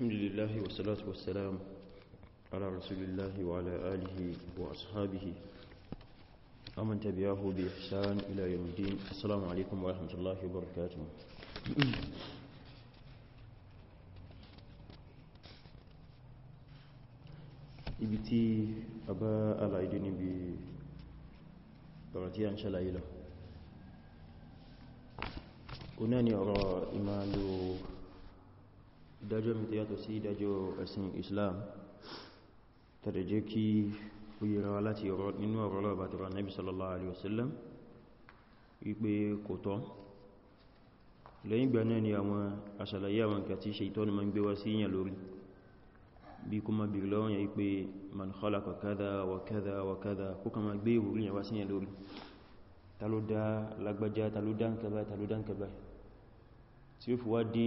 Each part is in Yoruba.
الحمد لله والصلاة والسلام على رسول الله وعلى آله وأصحابه ومن تبعه بإحسان إلى يوم الدين السلام عليكم ورحمة الله وبركاته ibi tí a bá aláìdé níbi ọ̀rọ̀ tí a ń ṣàlàyé ọ̀rọ̀ ìmáàlò ìdájọ́ mi tó yàtọ̀ sí ìdájọ́ ẹ̀sìn Islam tàbí jẹ́ kí ó yíra wa láti nínú ọ̀rọ̀ lọ́wọ́ bàtàrà Nabi sallallahu alaihi wasallam wípé kò tọ́ lẹ́yìn ìgbà náà ni àwọn aṣàlàyé àwọn nǹkan tí Ṣaitọ́nù ma ń gbé wá sí ìyàn lórí bí kó ma bèèrè lọ́wọ́ yẹn wípé man khalaqa kadha wa kadha wa kadha kó ka ma gbé ìwòrí yẹn wá sí ìyàn lórí ta ló dá lágbájá ta ló dá nkẹba tí ó fi wá dé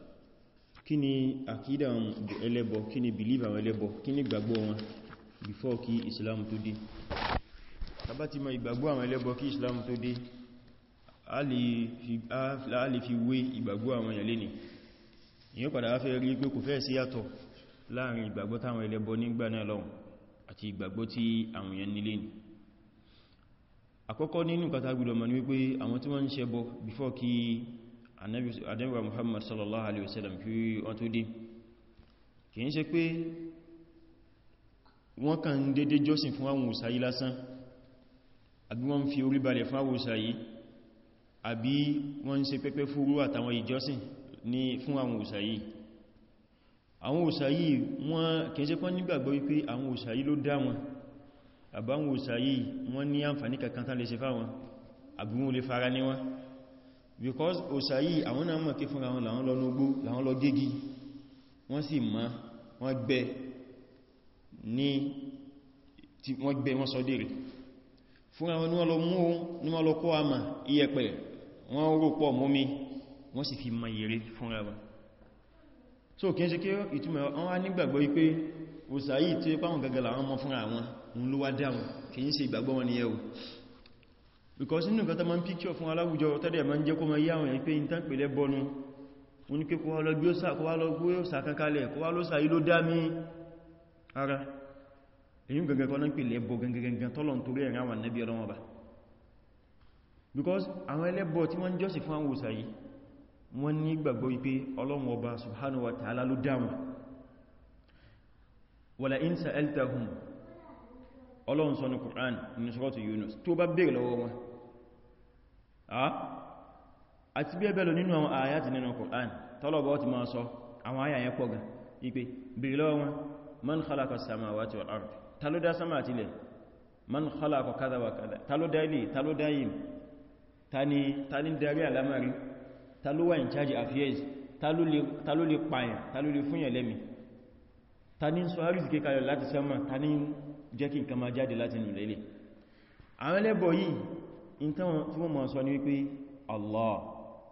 kí ni àkídà ẹlẹ́bọ kí ni believe àwọn ẹlẹ́bọ kí ni gbàgbọ́ wọn before kí islam tó dé tàbá ti ma ìgbàgbọ́ àwọn ẹlẹ́bọ kí islam tó dé a lè fi wé ìgbàgbọ́ àwọn ẹ̀lẹ́ ni ìyẹn padà fẹ́ rí pé kò fẹ́ sí yàtọ̀ láàrin ìgbàgbọ́ táwọn ẹlẹ́bọ nígbà náà lọ́hùn àti ìgbàgbọ́ tí àwọn èèyàn nílé ni àkọ́kọ́ nínú kátàgbìlọ̀mọ̀ ni wípé àwọn tí wọ́n ń ṣẹbọ before kí àdẹ́wà Muhammad sallallahu alaihi wasallam kí wọ́n tó dé kìí ṣe pé wọ́n kàn ń dédé jọ́sìn fún àwọn òsàyí lásán àbí wọ́n fi orí balẹ̀ fún àwọn òsàyí àbí wọ́n ń ṣe pẹ́pẹ́ fúrú àtàwọn ìjọ́sìn ní fún àwọn òsàyí àwọn òsàyí wọ́n kìí ṣe pọ́n nígbàgbọ́ wípé àwọn òsàyí ló dá wọn àbáwọn òsàyí wọ́n ní àǹfààní kankan tán lè ṣe fáwọn àbí lè fara ní wọn because òṣàyí àwọn náà mọ̀ kí fún àwọn làwọn lọ nógbó làwọn lọ gẹ́gí wọ́n sì ma wọ́n gbẹ ní tí wọ́n gbẹ wọ́n sọdẹ̀rẹ̀ fún àwọn ní wọ́n lọ mú ní wọ́n lọ kó àmà iyẹ̀pẹ̀ wọ́n rò pọ̀ mọ́mí wọ́n sì fi ma yẹ̀rẹ̀ fúnra wọn so kí n ṣe kí ìtumọ̀ wọn wá nígbàgbọ́ wípé òṣàyí tí ó pàwọn gẹ́gẹ́ làwọn mọ́ fúnra wọn ń ló wá dáwọn kì í ṣe because inú nǹkan tó ma ń picture fún aláwùjọ tẹ́lẹ̀ ma ń jẹ́ kó ma yí àwọn èèyàn pé ìntàn pèlẹ̀ bọnu wọ́n ni pé kó wá lọ gbé òsà kó wá lọ gbé òsà ko kó lo ló sàí ló dá mí ara èyí gangan kan ń pèlẹ̀ bo gangan tọ́lọ̀ torí ẹ̀rìn àwọn nẹ́bí ọlọ́wọ́ bá because àwọn ẹlẹ́bọ tí wọ́n jọ́sì fún àwọn òsà yìí wọ́n ní gbàgbọ́ wípé ọlọ́run ọba subhanahu wa ta'ala lo dá wọn wala in sa'altahum ọlọ́run sọ ní Qur'an ní suratu Yunus tó bá bèèrè lọ́wọ́ wọn Ah, àti bí ẹbẹ̀lọ nínú àwọn àyàtì nínú Qur'an tọ́lọ̀bọ̀ ti máa sọ àwọn àyà yẹn pọ̀ gan ipé bèèrè lọ́wọ́ wọn man khalaqa samawati wal ard ta ló dá sama àti ilẹ̀ man khalaqa kadha wa kadha ta ló dá ilé ta ló dá yìí ta ni alamari ta ló wà in charge affairs ta ló lè pààyàn ta ló lè fúnyàn lẹ́mìí ta ní sọ àrísìké kalẹ̀ láti sánmà ta ní jẹ́ kí nǹkan máa jáde láti in tí wọ́n máa sọ ní wípé Allah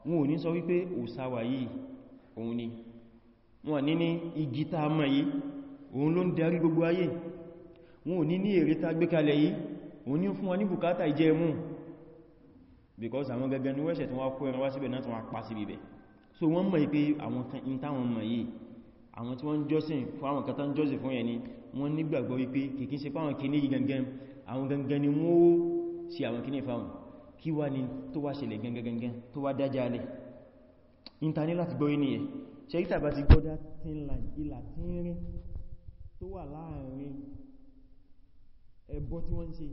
wọn ò ní sọ wípé òsáwà yìí òun ni wọn ní ní igi tá mọ̀ yìí òun ló ń darí gbogbo ayé wọn ò ní ní èrè tá gbé kalẹ̀ yìí òun ní fún wa ní bùkátà ìjẹ mú because àwọn gẹ́gẹ́ ní wẹ́ṣẹ̀ tí wọ́n kó ẹran wá síbẹ̀ náà tí wọ́n pa sí so wọ́n mọ̀ pé àwọn kan in táwọn mọ̀ yìí àwọn tí wọ́n jọ́sìn fún àwọn kan tán jọ́sìn fún ẹni wọ́n nígbàgbọ́ wípé kìkí ṣe fáwọn kìíní gangan àwọn gangan ni wọ́n ó sí àwọn kìíní fáwọn kí wá ní tó wá ṣẹlẹ̀ gẹngẹngẹn tó wá dájálẹ̀ ìntàní láti gbọ́ inú ẹ̀ ṣẹ́gítà bá ti gbọ́dá tí ìlà tí ń rí tó wà láàrin ẹbọ tí wọ́n ṣe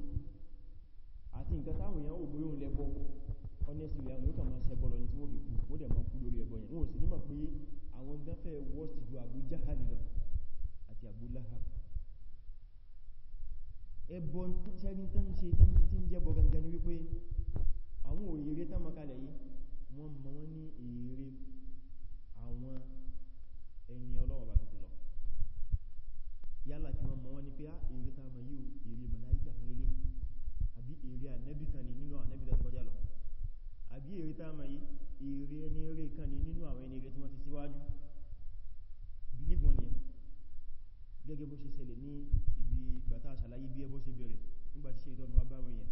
àti nǹkan táwọn èèyàn ò bóyún lẹ́bọ honestly àwọn yóò kàn máa ṣẹbọ lọ ní tí wọ́n fi kú wọ́n dẹ̀ máa kú lórí ẹbọ yẹn wọ́n sì nímọ̀ pé àwọn gáfẹ́ worst ju Abu Jahal lọ àti Abu Lahab ẹbọ tí ṣẹ́gítà ń ṣe tí ń jẹ́bọ gangan ni wípé àwọn òyèrè támakalẹ̀ yìí wọ́n mọ̀ wọ́n ní èrè àwọn ẹni ọlọ́wọ̀ bá tó ti lọ yálà kí wọ́n mọ̀ wọ́n ní pé èrè táma yíò èrè màláíkà kan lélẹ̀ àbí èrè ànẹ́bì kan ní nínú àwọn ànẹ́bì tó kọjá lọ àbí èrè táma yìí èrè ẹni eré kan ní nínú àwọn ẹni eré tí wọ́n ti síwájú believe wọn yẹn gẹ́gẹ́ bó ṣe ṣẹlẹ̀ ní ibi bàtà àṣàlàyé bí ẹbọ́ ṣe bẹ̀rẹ̀ nígbàtí ṣe ìtọ́nu wá bá wọn yẹn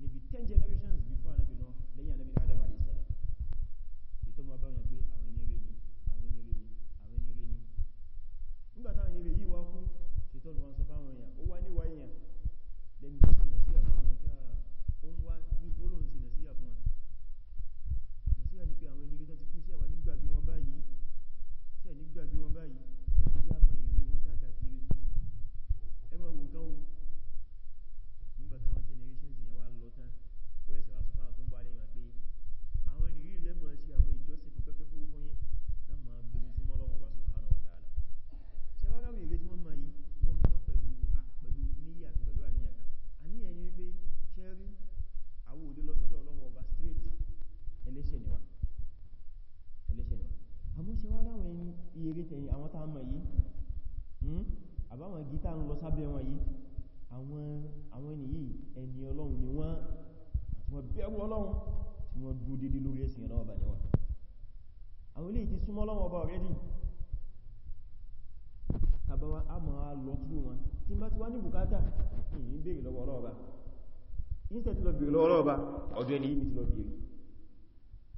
níbi ten generations before anabi náà lẹ́yìn anabi adam alayhi salam ètò ọmọ abáwọn pé àwọn ẹni eré ni àwọn ẹni eré ni àwọn ẹni eré ni nígbà táwọn ẹni eré yìí wá kú ètò ọmọ wọn sọ fáwọn èèyàn ó wá níwá èèyàn lẹ́nu tó sinà sí àfáwọn èèyàn ká ah, ó ń wá ní olóhùn sinà sí àfáwọn sinà sí àní pé àwọn ẹni eré tó ti kú sí àwa nígbàgbé wọn báyìí sí àní gbàgbé wọn báyìí ẹlẹ́ṣẹ̀ ni wá ẹlẹ́ṣẹ̀ ni wá àmọ́ ṣe wá ráwọn eré tẹ̀yìn àwọn tá a mọ̀ yìí hmm? àbáwọn gítà ń lọ sábẹ́ wọn yìí àwọn ènìyàn ẹni ọlọ́run ni wọ́n àti wọ́n bẹ̀rù ọlọ́run tí wọ́n dúró dédé lórí ẹ̀sìn ọlọ́run ọba ni wọ́n àwọn ilé ìtí súnmọ́ a máa lọ túrú wọn tí bá ti wá ní bùkátà èyí ń bèèrè lọ́wọ́ ọlọ́run ọba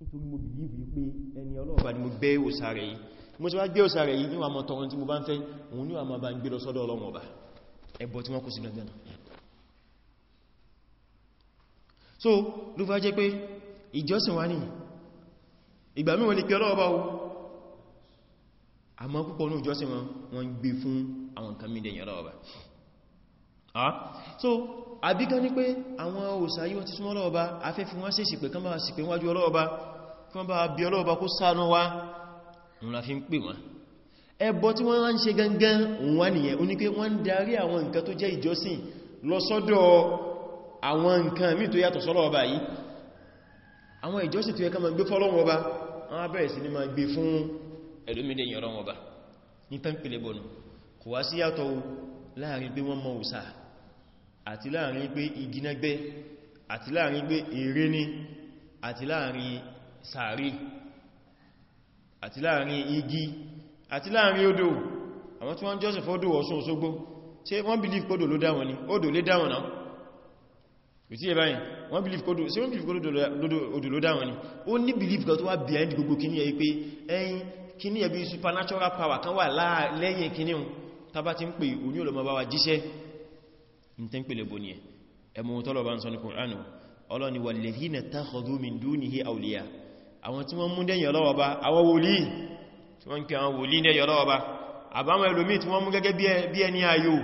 nítorí mo bìlíìfù yí pé ẹni ọlọ́ọ̀bá ni mo gbé òsà rẹ̀ yìí mo ti wá gbé òsà rẹ̀ yìí níwà mọ́ tọrọ tí mo bá ń fẹ́ òun níwà mọ́ bá ń gbé lọ sọ́dọ̀ ọlọ́mọ ọba ẹbọ tí wọ́n kó sí dandan so ló fà jẹ́ pé ìjọsìn wá ní ìgbà mí wọ́n lè pẹ́ ọlọ́ọ̀bá o àmọ́ púpọ̀ ní ìjọsìn wọn wọ́n gbé fún àwọn nǹkan mídẹ̀ yẹn ọlọ́ọ̀bá ah, so àbíkan ní pé àwọn òsà yíwọ́n ti súnmọ́ ọlọ́ọ̀bá afẹ́fẹ́ wọ́n sèṣì pé kán bá sì pé wájú ọlọ́ọ̀bá kan bá bí ọlọ́ọ̀bá kó ṣàánú wa òun la fi ń pè wọn ẹbọ tí wọ́n ń ṣe gangan òun wá nìyẹn ó ní pé wọ́n ń darí àwọn nǹkan tó jẹ́ ìjọsìn lọ sọ́dọ̀ àwọn nǹkan míì tó yàtọ̀ sọ́lọ́ọ̀bá yìí àwọn ìjọsìn tó yẹ ká máa gbé fọ́lọ́wọ́ ọba wọ́n á bẹ̀rẹ̀ sí ní máa gbé fún àti láàrin pé ère ni àti láàrin sàárì àti láàrin igi àti láàrin odò àwọn tí wọ́n jọ́sìn fọ́dò Ọ̀ṣun Òṣogbo ṣe wọ́n believe kódò ló dáwọn ni odò lé dáwọn náà kò tí ẹbáyìn wọ́n believe kódò ṣe wọ́n believe kódò odò ló dáwọn ni ó ní believe kan tó wá behind gbogbo kíní ẹ̀ pé ẹ̀yìn kíní ẹ̀bí supernatural power kan wà lẹ́yìn kíní hun tàbá ti ń pè oní olùmọ̀ bá wa jíṣẹ́ ní tẹ́ ń pè lẹ́bọ̀ ni tọ́lọ̀ bá ń sọ ní Kùránù ọlọ́ni wal ladhina takhadhu min dunihi awliya àwọn tí wọ́n mú dẹ́yìn ọlọ́wọ́ bá àwọn wòlíì tí wọ́n ń kí àwọn wòlíì dẹ́yìn ọlọ́wọ́ bá àbáwọn ẹlòmíì tí wọ́n mú gẹ́gẹ́ bí ẹni ayò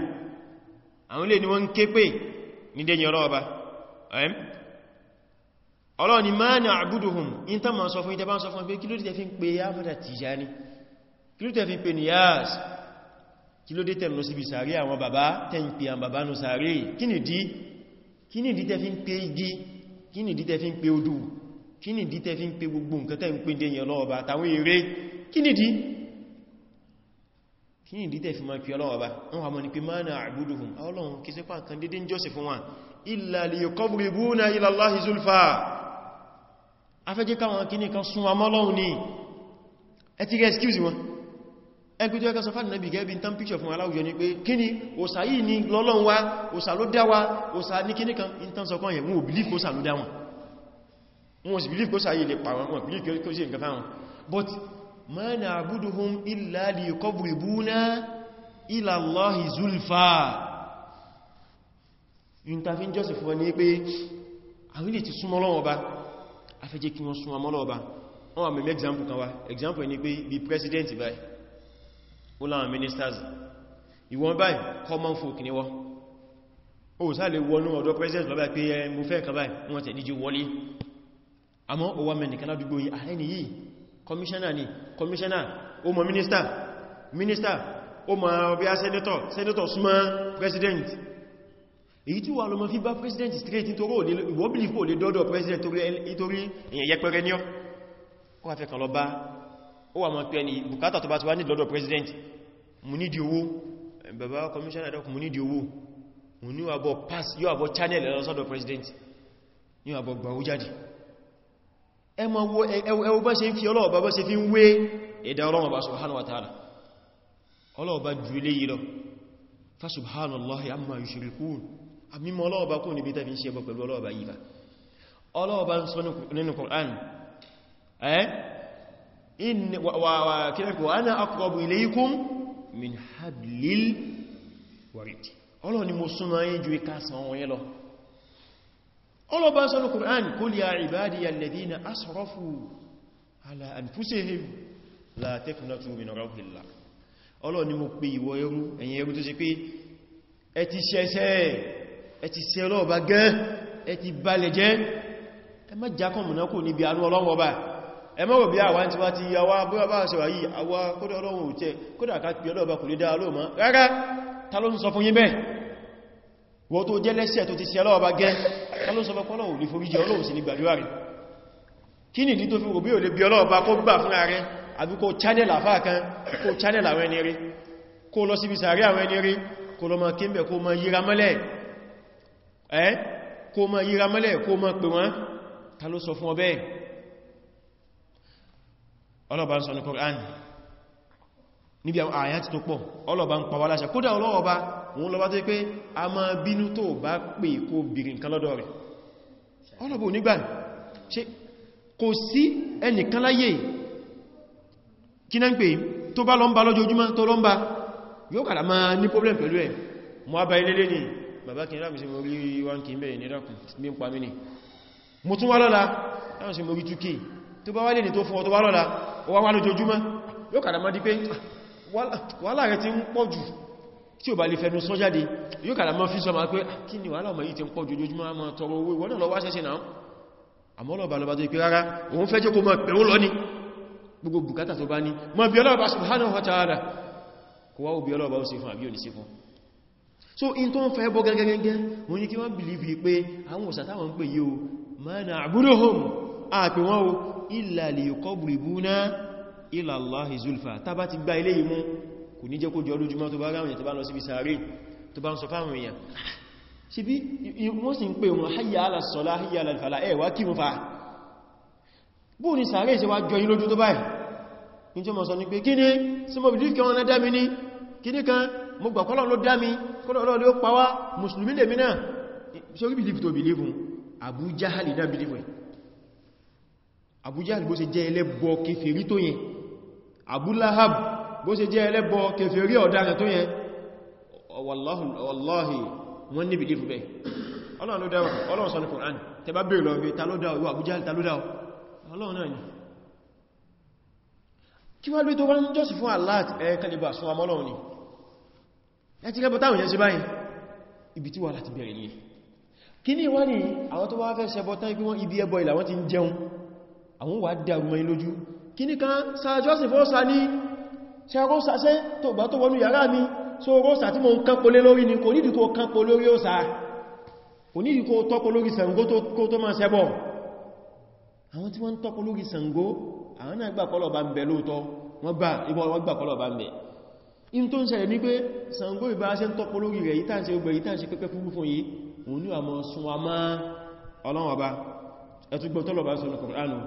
àwọn ilé ni wọ́n ń ké pè ní dẹ́yìn ọlọ́wọ́ ni máa ní àbúdùhùn in tán máa sọ fún ìtẹ́bá sọ fún pé kí Tijani kí ló pe Niyas kí ló dé tẹ̀ lọ síbi sàárè àwọn bàbá tẹ́ ń pe àwọn bàbá nù sàárè kí nìdí tẹ́ fi ń pe igi kí nìdí tẹ́ fi ń pe odò kí ni dí tẹ́ fi ń pe gbogbo nǹkan tẹ́ ń pe dẹ̀yìn ọlọ́ọ̀bá àtàwọn èrè kí ni dí kí ni dí tẹ́ fi máa pe ọlọ́ọ̀bá wọ́n wà mọ́ ní pé máa na àbúdùhùn ọlọ́run kí sípa kan dédé ń jọ́sìn fún wọn illa liyuqarribuna ila Allahi zulfa afẹ́jẹ́ káwọn kí ní kan excuse wọn ẹgbẹ́ tó ẹka sọ fàánà bí gẹ́bí tán píṣọ̀ fún aláwùjọ ni pé wa òsà ló dá wa òsà ní kíníkan ìtànsọ̀kan yẹ̀ wọn sì believe kó sáyé lè pàwọn wọn believe kó sí nǹkan fáwọn but ma na'buduhum illa liyuqarribuna ila Allahi zulfa yúntàfin joseph wọ́n ní pé àwọn ilé ti súnmọ́ lọ́wọ́ bá afẹ́jẹ́ kí wọ́n súnmọ́ lọ́wọ́ bá wọ́n wà mẹ́mẹ́ example kan wá example ni pé bí president báyìí ó láwọn ministers ìwọ̀n báyìí common folk ni wọ́n ó sáà lè wọnú ọ̀dọ̀ president lọ́bàá pé eh, mo fẹ́ kan báyìí wọ́n tẹ̀ díjú wọlé àmọ́ ó wá mẹ́nìkan ládùgbò yìí àrẹ́ni ah, yìí kọmíṣánà ni kọmíṣánà ó mọ̀ mínísítà mínísítà ó mọ̀ bí a sẹ́nẹ́tọ̀ sẹ́nẹ́tọ̀ súnmọ́ president èyí tí wà lọ mọ́ fi bá president straight nítorí ìwọ́bìlìfò lè president nítorí èyàn yẹpẹrẹ ní ọ́ ó wà fẹ́ kan lọ bá ó wà mọ́ pé ẹni bùkátà tó bá ní lọ́dọ̀ president mú eh, ní di owó bàbá kọmíṣánà dọ́kù mú ní pass yóò channel lọ́sọ́dọ̀ president yóò àbọ̀ gbà jáde ẹwọ bá ṣe ń fi ọlọ́ọ̀bá bá ṣe fi ń wé ẹ̀dà ọlọ́ọ̀bá subhanahu wa ta'ala ọlọ́ọ̀bá ju ilé yìí lọ fa subhanallahi amma yushrikun àmìmọ̀ ọlọ́ọ̀bá kò níbi tàbí ṣe bọ̀ pẹ̀lú ọlọ́ọ̀bá yìí ọlọ́ọ̀bá ń sọ nínú Qur'an wa ana aqrabu ilaykum min hablil ọlọ́bá sọ ní Qur'an qul ya ibadiya alladhina asrafu ala anfusihim la taqnatu min rahmatillah ọlọ́ ni mo pe ìwọ ẹrú ẹ̀yin ẹrú tó ṣe pé ẹ ti ṣẹṣẹ́ ẹ ti ṣẹ ọlọ́ọ̀bá gẹ́ ẹ ti balẹ̀ jẹ́ ẹ má jákọ̀ mùnákò níbi anú ọlọ́wọ́ bá ẹ má wò bí àwọn tí wá ti yàwá bóyá bá ṣe wà yìí àwa kódà ọlọ́wọ́ kódà ká ọlọ́ọ̀bá kò lè dá alóòmọ́ rárá ta ló ń sọ fún yín bẹ́ẹ̀ wọ́n tó jẹ́ lẹ́sẹ̀ tó ti sí aláwọ̀bá gẹ́ alóòsọ́fẹ́kọ́lọ̀ ò lè foríjì ọlọ́run sí ní gbàdúrà rẹ̀ kí nìdí tó fi òbí ò fún kan kó channel àwọn ẹni rí kó lọ síbi sàárẹ́ àwọn ẹni rí kó lọ máa kéńbẹ̀ kó máa yíra mọ́lẹ̀ ẹ́ kó máa yíra mọ́lẹ̀ kó máa pè wọ́n ta ló sọ fún ọbẹ̀ ọlọ́ọ̀bá ń sọ ní Kùránì níbi àwọn àyà ti tó pọ̀ ọlọ́ọ̀bá ń pa láṣẹ kódà ọlọ́ọ̀bá òun lọ́wọ́ tó pé a máa bínú tó bá pè kó bìrì nǹkan lọ́dọ̀ rẹ̀ ọlọ́bù nígbà ṣe kò sí ẹnìkan láyé kí náà ń pè tó bá lọ́mbà lójoojúmọ́ tó lọ́mbà yóò kàdà máa ní problem pẹ̀lú ẹ̀ mọ́ abá ilé lé ní bàbá kí rámi sí mo rí wọ́n kí mẹ́rin nírakùn bí n pa mí ní mo tún wá lọ́la rámi sí mo rí túkì tó bá wálé ní tó fún ọ tí ó bá lè fẹnu sọ jáde yóò kàdà mọ́ fi sọmọ́ pé ah, kí ni wàhálà ọmọ yìí ti ń pọ̀ jòjòjúmọ́ àmọ́ tọrọ owó ìwọ́n náà lọ wá ṣẹ́ṣẹ́ náà àmọ́ lọ́ọ̀bá lọ́bá tó ìpé rárá òun fẹ́ jẹ́ kó mọ́ pẹ̀rún lọ ní gbogbo bùkátà tó bá ní mọ́ bí ọlọ́ọ̀bá so in tó ń fẹ́ bọ́ gẹ́gẹ́gẹ́ mo ní kí wọ́n bìlìfì pé àwọn òsàtà wọn pè yíò ma na'buduhum àpè wọn o illa liyuqarribuna ila kò ní jẹ́ kó jọ lójúmọ́ tó bá ráwìn tó bá lọ síbi sàárè tó bá ń sọ fáwọn èèyàn sí bí wọ́n sì ń pè wọn hayya ala sọ́lá hayya ala fàlá ẹ̀wà kí mú fa bú ní sàárè sí wá jọ yín lójú tó báyìí ní tí ó mọ̀ sọ ní pé kí ni sí mo bìlíf kẹwọn dá mi ní kí ní kan mo gbà kọ́lọ̀ ló dá mi kọ́lọ̀ ló ló pa wá mùsùlùmí lèmi náà sórí bìlíf tó bìlíf Abu Jahali dá bìlíf ẹ̀ Abu Jahali bó bó ṣe jẹ́ ẹlẹ́bọ kèfèrí ọ̀daràn tó yẹn wallahi wọ́n níbi dé fúbẹ̀ ọlọ́run ló dáwọ̀ ọlọ́run sọ ní Qur'an tẹ bá bèèrè lọ́gbẹ̀ ta ló dáwọ̀ ìwà àbújá ta ló dáwọ̀ ọlọ́run náà ni kí wá ló tó wọ́n jọ́sì fún Allah ẹ̀ kalibà sún amọ́lọ́run ni ẹ ti rẹ́bọ̀ táwọn yẹn sí báyìí ibi tí wà láti bẹ̀rẹ̀ ní kí ní wá ní àwọn tó wá fẹ́ ṣẹbọ tán ibi wọn ibi ẹbọ ìlà wọn ti ń jẹun àwọn wà dàrú mọ́ lójú kan sáàjọ́sì fọ́ ní ṣe rọ́sà ṣe tó gbà tó wọnú yàrá mi so rọ́sà tí mo ń kánpo lé lórí ni kò nídìí kó kánpo lórí òsà kò nídìí kó tọ́po lórí Ṣàngó kó tó máa ṣẹbọ àwọn tí wọ́n ń tọ́po lórí Ṣàngó àwọn náà gbà kọ́lọ̀ bá ń bẹ lóòtọ́ wọ́n gbà ibọ̀ wọ́n gbà kọ́lọ̀ bá ń bẹ in tó ń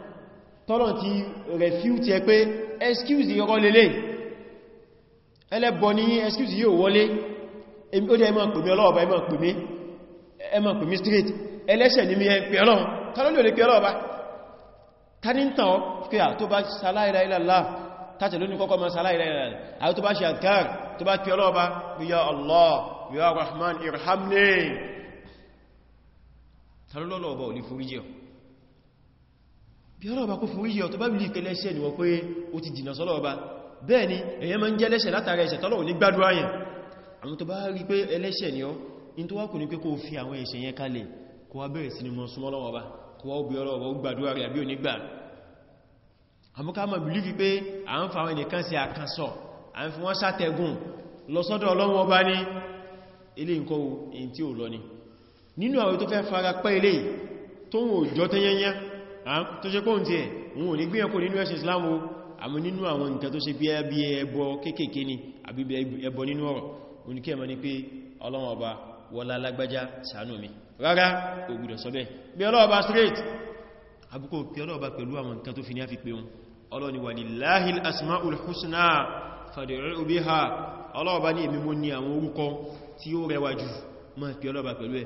tọ́lọ̀n ti refute ẹ pé excuse yọ́rọ́ lélẹ̀ ẹlẹ́bọ ní excuse yóò wọlé ó dẹ̀ ẹmọ́ pèmí ọlọ́ọ̀bá ẹmọ́ pèmí straight ẹlẹ́ṣẹ̀ ní mi ẹ pè ọlọ́run tọ́lọ́lẹ̀ olè pè ọlọ́ọ̀bá tánítàn ọ́ pé à tó bá sáláìláìlá tàtẹ̀ lónìí kọ́kọ́ ma sáláìláìlá àwọn tó bá ṣe àkàr tó bá pè ọlọ́ọ̀bá bí ya Allah ya Rahman irhamni tàlọ́lọ́ọ̀bá ò ní foríjì ọ̀ bí ọlọ́run bá kó fún yíyọ tó bá bí ìpé lẹ́ṣẹ̀ ni wọ́n pé ó ti jìnà sọ́lọ́ ọba bẹ́ẹ̀ ni èyàn máa ń jẹ́ lẹ́ṣẹ̀ látara ẹ̀ṣẹ̀ tọ́lọ̀ ní gbádùn ayẹ̀ àwọn tó bá rí pé ẹlẹ́ṣẹ̀ ni ọ́ in tó wá kò ní pé kó fi àwọn ẹ̀ṣẹ̀ yẹn kalẹ̀ kó wá bẹ̀rẹ̀ sí ni mọ́ súnmọ́ lọ́wọ́ ọba kó wá bí ọlọ́wọ́ tó ṣe kóhùn tí ẹ̀ wọn ò ní gbíyànkó nínú ẹ̀ṣẹ̀ Islam o àmì nínú àwọn nǹkan tó ṣe bí ẹbí ẹbọ kéèkéé ni àbí ẹbọ nínú ọ̀rọ̀ oníkẹ́ mọ́ ní pé Ọlọ́run ọba wọlá lágbájá ṣàánú mi rárá kò gbọ́dọ̀ sọ bẹ́ẹ̀ straight àbúkò pí Ọlọ́run ọba pẹ̀lú àwọn nǹkan tó fi ní àfi pé wọn Ọlọ́run ni wà ní láhìl asmaul husna fad'u biha Ọlọ́run ọba ní èmi mo ní àwọn orúkọ tí ó rẹwà jù mọ́ pí Ọlọ́run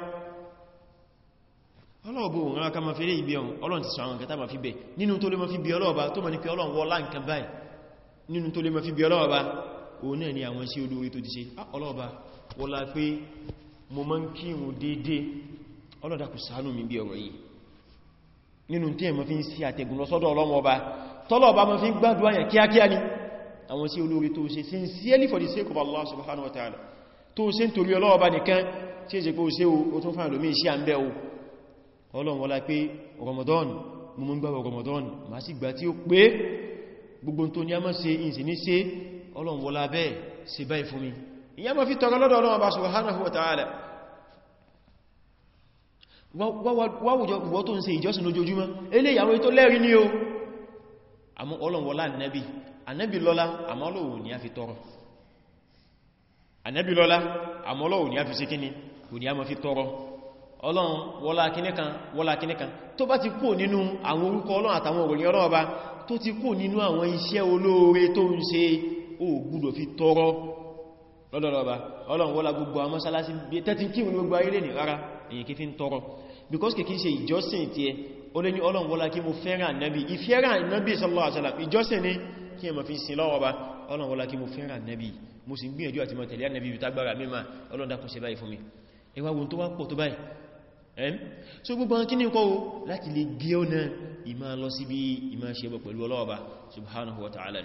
ọlọ́ọ̀bọ̀ òun rán ká ma fi lé ibi ọ̀hún ọlọ́n ti sọ àwọn kẹta ma fi bẹ̀ nínú tó lé ma fi bí ọlọ́ọ̀bá tó ma ní pé ọlọ́run wọ́lá nǹkan báyìí nínú tó lé ma fi bí ọlọ́ọ̀bá òun náà ni àwọn sí olóorí tó ti ṣe ah, ọlọ́ọ̀bá wọ́lá pé mo ma ń kírun dédé ọlọ́dà kù ṣàánú mi bí ọ̀rọ̀ yìí nínú tí ẹ̀ ma fi ń sí àtẹ̀gùn lọ sọ́dọ̀ ọlọ́run ọba tọ́lọ́ọ̀bá ma fi ń gbádùn àyàn kíákíá ni àwọn sí olóorí tó ṣe sincerely for the sake of Allah subhanahu wa ta'ala tó ṣe ń torí ọlọ́ọ̀bá nìkan tí ó ṣe pé ó ṣe ó tún fáàlómí iṣẹ́ à ń bẹ́ o ọlọ́run wọ́lá pé Ramadan mú mú gbáwọ̀ Ramadan ma sì gbà tí ó pé gbogbo tó ní a máa ṣe ìsìn ní ṣe ọlọ́run wọ́lá bẹ́ẹ̀ ṣe báyìí fún mi ìyá ma fi tọrọ lọ́dọ̀ ọlọ́run bá subhanahu wa ta'ala wáwùjọ ìwọ́ tó ń ṣe ìjọsìn lójoojúmọ́ eléyàwó tó lẹ́rí ní o àmọ́ ọlọ́run wọ́lá ọlọ́run wọlá kìníkan wọlá kìníkan tó bá ti kú nínú àwọn orúkọ ọlọ́run àtàwọn òròyìn ọlọ́run ọba tó ti kú nínú àwọn iṣẹ́ olóore tó ń ṣe ó gbọ́dọ̀ fi tọrọ lọ́dọ̀lọ́ba ọlọ́run wọlá gbogbo àwọn mọ́sálásí because kìí ṣe ìjọsìn tí ẹ ó lé ní ọlọ́run wọlá kí mo fẹ́ràn nẹ́bí ni kí ẹ mọ̀ fi sin lọ́wọ́ bá ọlọ́run wọlá kí mo fẹ́ràn nẹ́bí mo sì gbìyànjú àti mọ̀ tẹ̀lé nẹ́bí ẹn so gbogbo àwọn kíní kọ́ o láti lè gbé ọ̀nà ìmá lọ sí bí ìmá ṣe bọ̀ pẹ̀lú ọlọ́ọ̀bá subhanahu wa ta'ala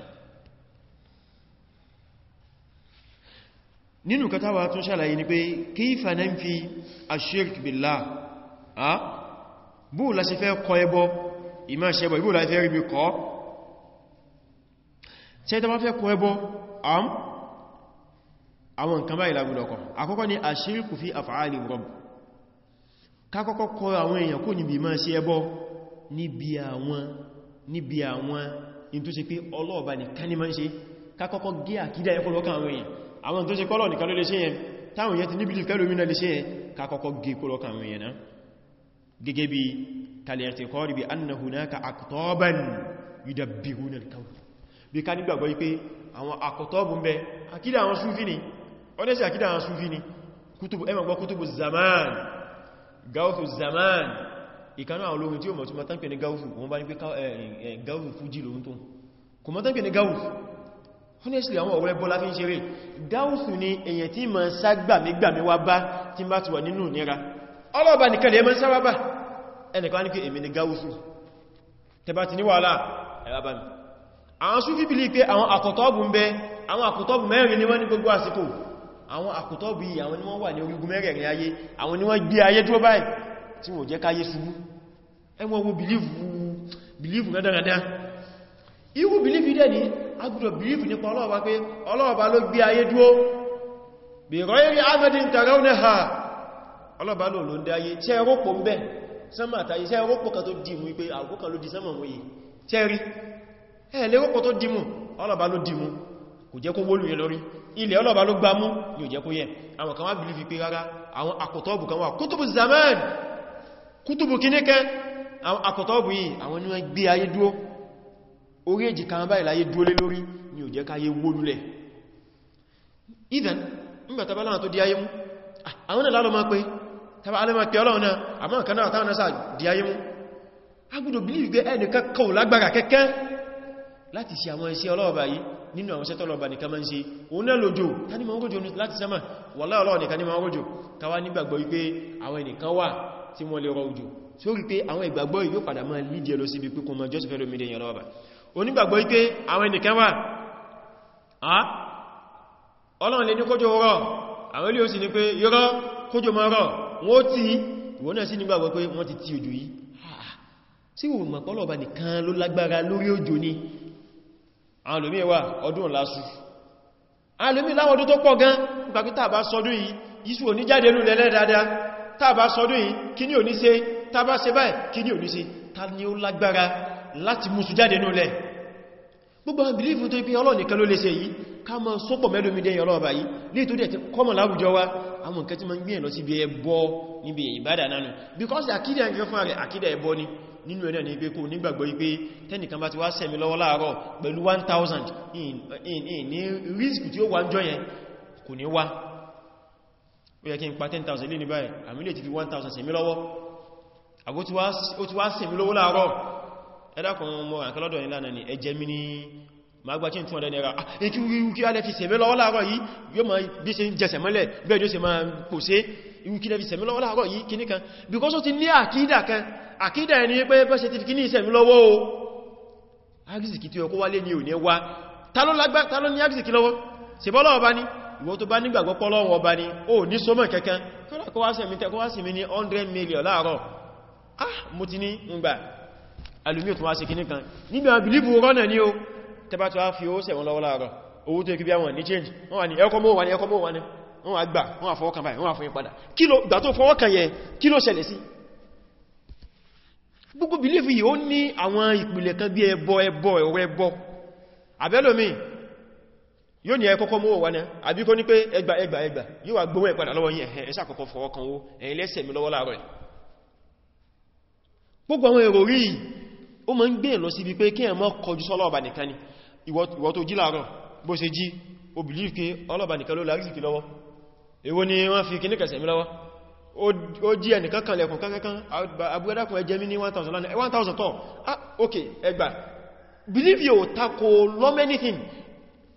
nínú katawa tún ṣàlàyé ni pé kayfa nanfi ash-shirk billah a bí kọ́ kákọ́kọ́ kọ àwọn èèyàn kò níbi máa ṣe ẹbọ níbi àwọn níbi àwọn in tó ṣe pé ọlọ́ọ̀bá nìkan ní máa ń ṣe kákọ́kọ́ gé àkídà ẹkọ́ lọ́kàn àwọn èèyàn àwọn tó ṣe kọ́lọ̀ nìkan ló lè ṣe yẹn táwọn èèyàn ti níbi kẹlòmínà lè ṣe yẹn kákọ́kọ́ gé kó lọ́kàn àwọn èèyàn náà gẹ́gẹ́ bi anna hunāka aqtāban yudabbirūna al-kawn bí ká nígbàgbọ́ pé àwọn aqtāb ń bẹ àkídà ẹmọ̀gbọ́ kútùbù zaman gáúfù zaman ìkanú àwọn olóhun tí ó mọ̀ tí mọ̀ tán pè ní gáúfù wọ́n bá ní pé gáúfù fújì lóhun tó kò mọ̀ tán pè ní gáúfù honestly àwọn ọ̀rẹ́ bọ́lá fi ń ṣeré gáúfù ni èyàn tí ma ságbàmígbàmí wá bá tí bá ti wà nínú nira ọlọ́ọ̀bá nìkan lè mọ́ sára bá ẹnìkan ní pé èmi ni gáúfù tẹbà ti ní wàhálà ẹ̀rábà mi àwọn súfí bí lè pé àwọn àkọ̀tọ́ọ̀bù ń bẹ àwọn àkọ̀tọ́ọ̀bù mẹ́rin ni àwọn àkùtọ́ bí àwọn ni wọ́n wà ní orígun mẹ́rẹ̀ẹ̀rin ayé àwọn ni wọ́n gbé ayé dúró báyìí tí wọ́n jẹ́ káyé ṣubú ẹwọ́n wo bìlífù dáadáa irú bìlífù dẹ̀ ní agbùdọ̀ bìlífù nípa ọlọ́ọ̀bá pé ọlọ́ọ̀bá ló gbé ayé dúró bí rọ́ìrí amadin tarawunaha ọlọ́ọ̀bá ló ló ń dá ayé tí ẹ rọ́pò ń bẹ́ sánmà àtàyé tí ẹ rọ́pò kan tó dìmú pé àkókò kan ló di sánmà wọ́n yìí tí ẹ rí ẹ lè rọ́pò tó dìmú ọlọ́ọ̀bá ló dìmú kò jẹ́ kó wólù yẹ lórí ilẹ̀ ọlọ́ba ló gbá mú ní ò jẹ́ kó yẹ àwọn kan wá bìlì fi pé rárá àwọn àkọ̀tọ́ọ̀bù kan wà kútùbù zaman kútùbù kíníkẹ́ àwọn àkọ̀tọ́ọ̀bù yìí àwọn ní wọ́n gbé ayé dúó orí èjì kan báyìí láyé dúó lé lórí ní ò jẹ́ káyé wólulẹ̀ even nígbà tàbá lọ́nà tó di ayé mú àwọn náà lálọ́ máa pé tàbá alẹ́ máa pé ọlọ́run náà àmọ́ kan náà táwọn náà láti ṣe àwọn iṣẹ́ ọlọ́ọ̀bá yìí nínú àwọn sẹ́tọ̀ lọ́ba nìkan máa ń ṣe òun náà lójò ta ní máa ń rójò láti sẹ́mà wọ́lá ọlọ́ nìkan ní máa ń rójò káwá nígbàgbọ́ wípé àwọn ẹnìkan wà tí wọ́n lè rọ òjò tí ó rí pé àwọn ìgbàgbọ́ yóò padà máa lídí ẹ lọ síbi pé kò mọ jọ́sì fẹ́ lómi dẹ̀yàn lọ́ba onígbàgbọ́ wípé àwọn ẹnìkan wà á ọlọ́run lè ní kójò sí nígbàgbọ́ mọ̀pọ̀lọ̀ ọba nìkan ló lágbára lórí òjò ni àwọn olómi wà ọdún lásù alómi láwọn ọdún tó pọ̀ gan nípa pé tàbá sọdún yìí yíṣù òní jáde lú lẹ́lẹ́ dáadáa tàbá sọdún yìí kí ní òní ṣe tàbá ṣe báyìí kí ní òní ṣe ta ni ó lágbára láti mú su jáde nú lẹ́ gbogbo àwọn bìlífù tó pé Ọlọ́run ní wa àwọn nǹkan tí ma ń gbìyàn lọ sí ibi ẹbọ níbi ìbádà nánú because àkídà ń gẹ́fún rẹ̀ àkídà ẹbọ ni nínú ẹ̀nà ní pé kó nígbàgbọ́ wípé tẹ́nìkan bá ti wá sẹ́mi lọ́wọ́ láàárọ̀ pẹ̀lú 1000 ní risk tí ó wà ń jọ yẹn kò ní wá ó yẹ kí n pa 10,000 lé ní báyìí àmìlẹ̀ ti fi 1000 sẹ́mi lọ́wọ́ àbó ti wá sẹ́mi lọ́wọ́ láàárọ̀ ẹ̀dàkùn mọ́ àkọlọ́dọ̀ ìlànà ni ẹjẹ́ mi ní ma gba ah, kí n 200 naira ikú wíwúkí alẹ́ fi sẹ̀mẹ́ lọ́wọ́ láàárọ̀ yìí yóò ma bí se ń jẹsẹ̀ mọ́lẹ̀ bẹ́ẹ̀ yóò se ma kò sí ìwúkí lẹ́fi sẹ̀mẹ́ lọ́wọ́ láàárọ̀ yìí kìní kan because ó ti ní àkídà kan àkídà ẹni pé bẹ́ se ti kí ní ìsẹ̀mẹ́ lọ́wọ́ o agbìsìkì tí ọkọ́ wálé ní ò ní wá ta ló ní agbìsìkì lọ́wọ́ se bọ́ lọ́wọ́ bá ní ìwọ tó bá nígbàgbọ́ pọ́lọ́wọ́ ọba ni ó ní sọmọ̀ kankan kọ́lọ́kọ́ wá sẹ̀mí tẹ́kọ́ wá sí mi ní 100 million láàárọ̀ ah mo ti alumi ń gbà alùmí ò tún wá sí kìní kan nígbà bìlíbù rọ́nà ni o tẹba tó wá fi owó sẹ̀wọ̀n lọ́wọ́ láàárọ̀ owó tó ikúbí àwọn ní change wọ́n wà ní ẹkọ́mọ́ wà ní ẹkọ́mọ́ wà ní wọ́n wà gbà wọ́n wà fọwọ́kàn báyìí wọ́n wà fún ìpadà gbà tó fọwọ́kàn yẹ kí ló ṣẹlẹ̀ sí gbogbo belief yìí ó ní àwọn ìpìlẹ̀ kan bí ẹbọ ẹbọ ẹ̀wọ́ ẹbọ àbẹ́lòmí yóò ní ẹkọ́kọ́ mọ́ wà ní àbí kó ní pé ẹgbà ẹgbà ẹgbà yóò wà gbówó ìpadà lọ́wọ́ yìí ẹ̀hẹ́ ẹ̀ṣà kọ̀kọ́ fọwọ́kan ó ẹ̀yìn lẹ́sẹ̀ mi lọ́wọ́ láàárọ̀ gbogbo àwọn èrò rí ó ma ń gbé lọ síbi ìwọ tó jí láàárọ̀ bó ṣe jí o believe pé ọlọ́bà nìkan ló la rísìkì lọ́wọ́ èwo ni wọ́n fi kí ní kẹsẹ̀ mi lọ́wọ́ ó jí ẹnìkan kan lẹ́kùn kankan abúgbẹ́dàkùn ẹjẹ́ mi ní 1000 1000 tọ́ ah ok ẹgbà believe you tako love anything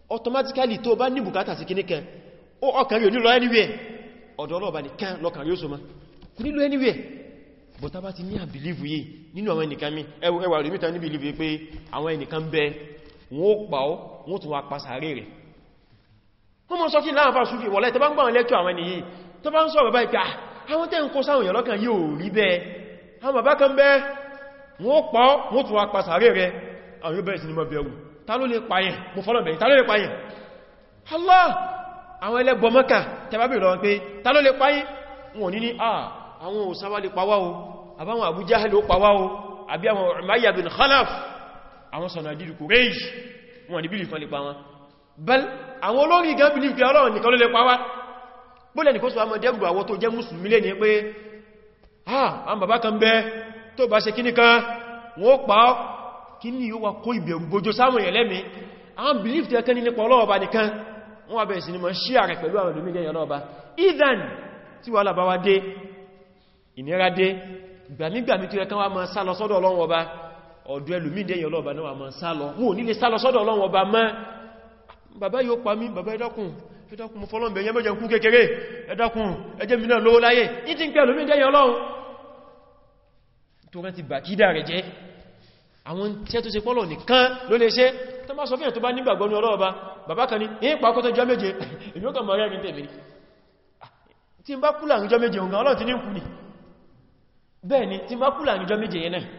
automatically tó bá ní bùkátà sí kíníkẹ ó ọkàn yóò nílò anywhere ọ̀dọ̀ ọlọ́ọ̀bá nìkan lọ́kàn yóò so ma kò nílò anywhere but a bá ti ní àbìlìfù yìí nínú àwọn ẹnìkan mi ẹwà rí mítà níbi ìlú pé àwọn ẹnìkan bẹ́ẹ̀ wọ́n pa ọ́ wọ́n tún wá pàṣàrí rẹ̀ wọ́n mọ́ sọ́kí láàrín fásúfì wọ́lẹ̀ tó bá ń gbọ́n lẹ́kọ́ àwọn ènìyàn tó bá ń sọ̀rọ̀ báyìí pé ah, àwọn tẹ́ ń kó sáwọn èèyàn lọ́kàn yóò rí bẹ́ẹ̀ àwọn bàbá kan bẹ́ẹ̀ wọ́n pa ọ́ wọ́n tún wá pàṣàrí rẹ̀ àwọn yóò bẹ̀rẹ̀ sí ni mọ́ bẹ̀rù ta ló lè pààyàn mo fọ́lọ̀ bẹ̀rẹ̀ ta ló lè pààyàn Allah àwọn sọ̀nàdìdì kùrẹ́ìṣì wọn ni bílìfì kan lè pa wọn bẹ́l àwọn olórin gan bílìfì ọlọ́run nìkan ló lè pa wá bóòlẹ̀ nìkan sọ àmọ́ dẹ́gbù àwọ tó jẹ́ mùsùlùmí lè ní pé àwọn bàbá kan bẹ tó bá ṣe kíní kan wọ́n pa ọ́ kíní yóò wá kó ìbẹ̀rù bójó sáwọn èèyàn lẹ́mí àwọn bílìfì tẹ́ẹ̀kan ní nípa ọlọ́ọ̀bá nìkan wọ́n wá bẹ̀rẹ̀ sí ni mọ̀ sí ààrẹ pẹ̀lú àwọn ìlú mílẹ̀ ọlọ́ọ̀bá ìdàn tí wà lábáwá dé ìnira dé gbàmígbàmí tó yẹ kán wá mọ́ sálọ sọ́dọ̀ ọlọ́run ọba ọ̀dọ̀ ẹlòmí dẹ́yìn ọlọ́ọ̀bá náà ma sálọ wọn ò nílé sálọ sọ́dọ̀ ọlọ́run ọba mọ́ bàbá yóò pa mí bàbá ẹ̀dákun ẹ̀dákun mo fọ́lọ́m̀bẹ̀ yẹn mẹ́jẹ̀ kékeré mi náà lówó láyé ní ti ń pẹ́ ẹlòmí dẹ́yìn ọlọ́run tó rán ti bàkídà rẹ̀ jẹ́ àwọn tẹ́ tó má ní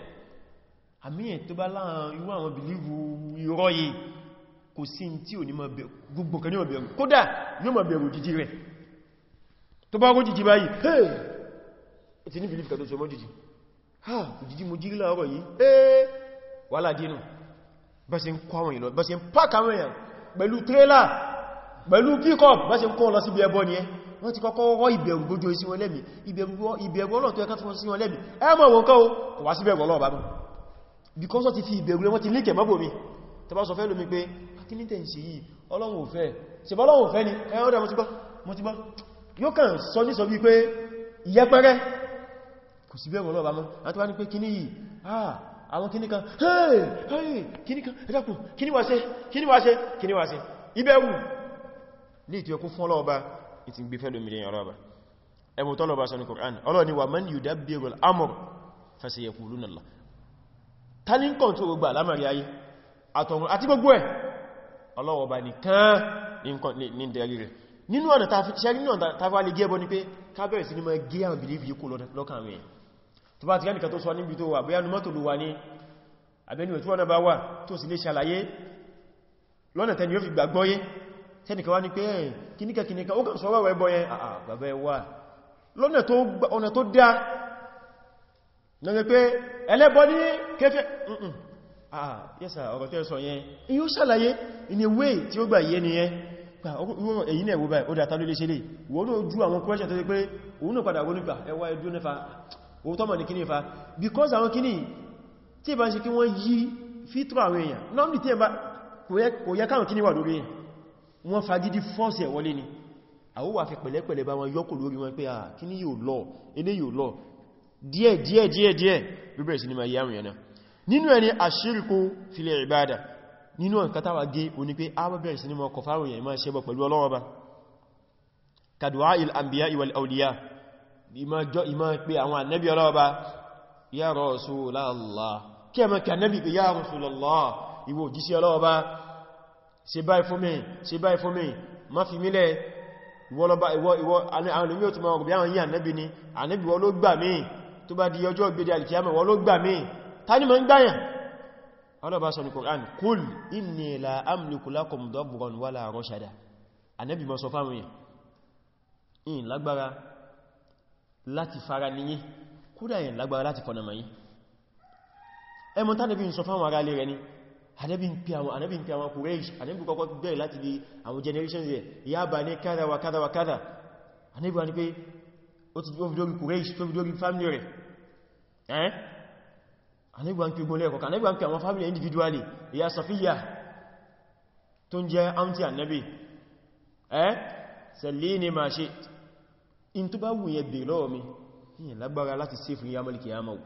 àmìyàn tó bá láàrín irú àwọn bìlìvù irọ́ yìí kò sí tí ò ní mọ̀ bẹ̀rù gbogbo kan ní mọ̀ bẹ̀rù kódà ní mọ̀ bẹ̀rù jìjì rẹ̀ tó bá rú jìjì báyìí ha jìjì mo jírí láàárọ̀ yìí hey wàhálà dínú bá ṣe ń kọ́ àwọn ìlọ bá ṣe ń pàkà àwọn èèyàn pẹ̀lú tírélà pẹ̀lú pickup bá ṣe ń kọ́ lọ sí ibi ẹbọ ni ẹ wọ́n ti kọ́kọ́ wọ́ ìbẹ̀rù gbójó sí wọn lẹ́mìí ìbẹ̀rù ọlọ́tọ́ ẹ̀kọ́ tí sí wọn lẹ́mìí ẹmọ̀ wọn kọ́ wá síbẹ̀rù ọlọ́ọ̀bá náà because wọ́n ti fi ìbẹ̀rù wọ́n ti lékẹ̀ mọ́bò mi tẹbá sọ fẹ́ lómi pé akílítẹ̀ ah, ń ṣe yìí ọlọ́run ò fẹ́ ṣe bọ́ ọlọ́run ò fẹ́ ni ẹ̀yàn eh, ọdá mo ti gbọ́ yóò kàn sọ ní sọ bí pé ìyẹ́pẹ́rẹ́ kò sí bẹ̀rù ọlọ́run àmọ́ àti wá ní pé kíní yìí ah, àwọn kíní kan kíní kan ẹ̀dàkùn kíní wá ṣe kíní wá ṣe kíní wá ṣe ìbẹ̀rù ní ìtì ọkún fún ọlọ́ọba ìtì gbé fẹ́lú mìíràn ọlọ́ọba ẹbùn tọ́lọ́ọba sọ ní Kùránì ọlọ́ọ̀ni wà man yudabbiru al-amr fasayaquluna Allah talin control gbogbo alamari ayé àtọ̀run àti gbogbo ẹ̀ ọlọ́wọ̀ bá nìkan ní ìdẹ̀rí rẹ̀ nínú ọ̀nà tàfí nínú ọ̀nà tàfí wà lè gẹ́ẹ̀bọ́ ní pé kábẹ̀rẹ̀ sí ní mọ́ gẹ́ àwọn believe yíkò lọ́kàn rẹ̀ tó bá ti rẹ́ nìkan tó sọ níbi tó wà bóyá numọ́ tó lù wà ní abẹ́nu tí wọ́n bá wà tó sì lè ṣàlàyé lọ́nà tẹni yóò fi gbàgbọ́ yé tẹnìkan wá ní pé kíníkà kíníkà ó kàn sọ wà wẹ́bọ́ yẹn àà bàbá ẹ wà lọ́nà tó dá lọ́nà pé ẹlẹ́bọ ní kéfẹ́ ah yẹ́sà ọ̀rọ̀ tẹ́ sọ yẹn yíó ṣàlàyé in a way tí ó gbà yé ni yẹn gbà èyí náà wọ́bàá ó dátà lórí ṣẹlẹ̀ wọ́n ló jú àwọn question tó ti pé òun náà padà wọ́n ẹwà ẹdú nífà owó tọ́mọ̀ ní kíní fa because àwọn kíní tí ìbá ń ṣe kí wọ́n yí fítọ́ àwọn èèyàn náà ní tí ẹ̀bá kò yẹ káwọn kíní wà lórí èèyàn wọ́n fagidi fọ́ọ̀sì ẹ̀wọlé ni àwọ́wà fi pẹ̀lẹ́pẹ̀lẹ́ bá wọn yọ́kù lórí wọn pé à ah, kíní yóò lọ eléyìí ò lọ díẹ̀ díẹ̀ díẹ̀ díẹ̀ bíbẹ̀ sí ni ma yàmù yana nínú ẹni àṣírìkú filẹ̀ ìbádà nínú ọ̀kátàwà gé oní pé a bẹ̀rẹ̀ sí ni ma kọ fáwọn èèyàn máa ṣẹbọ pẹ̀lú ọlọ́wọ́ ba kàdùwá il àmbíyá ìwàl àwòlíyà ìmá pé àwọn annabi ọlọ́wọ́ ba ya Rasulullah kí ẹmọ kí annabi pé ya Rasulullah ìwò jíṣẹ́ ọlọ́wọ́ ba ṣe báyìí fún mi ṣe báyìí fún mi má fi mílẹ̀ ọgbẹ̀ àwọn yí annabi ni annabi wọ́n míì tó bá di ọjọ́ ìgbèdè alìkìyàmọ̀ wọ́n ló gbà mí ta ní mọ̀ ń gbáyàn ọlọ́bá sọ ní Kùránì kúl inni la amliku lakum dọ́gbọ̀n wà láàrọ̀ ṣàdá anẹ́bì mọ́ sọ fáwọn yẹn in lágbára láti fara níyí kúrò yẹn lágbára láti kọ̀nà mọ̀ yí ẹmọ tánẹ́bì ń sọ fáwọn ará lè rẹ di àwọn generations yẹ ya bà ní kádà wa kádà wa kádà anẹ́bì wa ni pé ó ti fi dórí Quraysh tó fi dórí family rẹ̀ eh anigba n kigun lẹ́ẹ̀kọ̀kan anigba n kí àwọn family individually ìyá Safiya tó ń jẹ́ auntie annabi eh sẹ̀lẹ̀ ní ma ṣe in tó bá wùnyẹ bè mi yìí lágbára láti sẹ́fù ya mọ́lì kìyàmọ́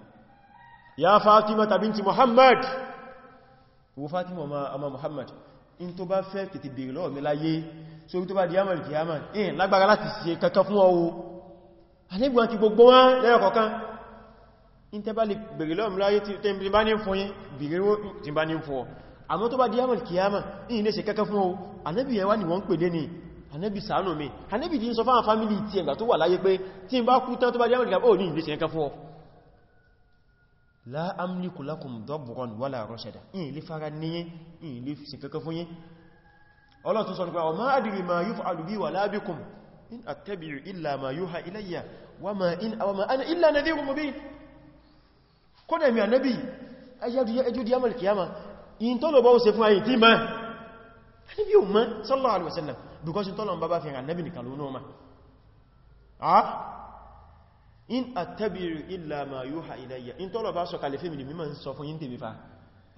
ya Fatima ta Muhammad wo Fatima ọmọ Muhammad in tó bá fẹ́ tètè bè lọ́wọ́ mi láyé so tó bá di yàmọ̀lì kìyàmọ́ yìí lágbára láti sẹ́ fún ọwọ́ anigba in tẹ́ bá lè bèèrè lọ́m láyé tí ń bá ní fún yí bèèrè ó tí bá ní fún ọ àmọ́ tó bá di yamal kiyama ní ilé ṣe kẹ́kẹ́ fún o anẹ́bì yẹn wá ní wọ́n pè lé ní anẹ́bì ṣàánú mi anẹ́bì tí ń sọ fáwọn fámílì tí ẹgbà tó wà láyé pé tí ń bá kú tán tó bá di yamal ní ilé kẹ́kẹ́ fún kódẹ̀ mi ànẹ́bì ẹjú di yàmà kìyàmà in tọ́lọ̀ bọ́ ṣe fún ayé tí ma ànẹ́bì o mọ́ sallallahu alaihi wasallam because in tọ́lọ̀ bá fi ànẹ́bì nìkan ló náà ma ah in attabi'u illa ma yuha ilayya in tọ́lọ̀ bá sọ kalẹ̀ fẹ́mìlì mímọ̀ sọ fún yín tèbí fa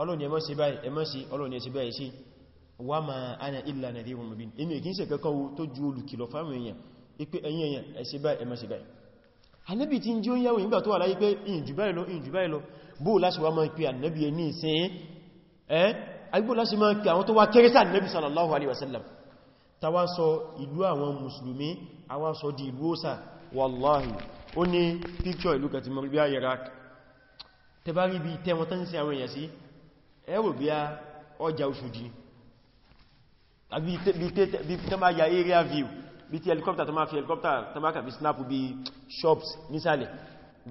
ọlọ́ni ẹmọ́ sí báyìí ẹmọ́ sí ọlọ́ni ẹ sí báyìí sí wa ma ana illa nadhirun mubin inú ìkínsẹ̀ ẹ̀yìn èèyàn báyìí ẹmọ́ sí báyìí ànábì tí ń jí ó ń yàwó ìgbà tó wà láyé pé ìjù báyìí lọ ìjù báyìí lọ bó láṣe wá máa pè ànábì ẹni ìsìn ẹ́ agbó láṣe máa pè àwọn tó wá kéré sí ànábì sallallahu alaihi wasallam ta wá sọ ìlú àwọn mùsùlùmí a wá sọ di ìlú òsà wallahi ó ní píkṣọ ìlú kàtí mọ̀ bí ti helicopter tó máa fi helicopter tó máa kàbí snap bí shops nísàlẹ̀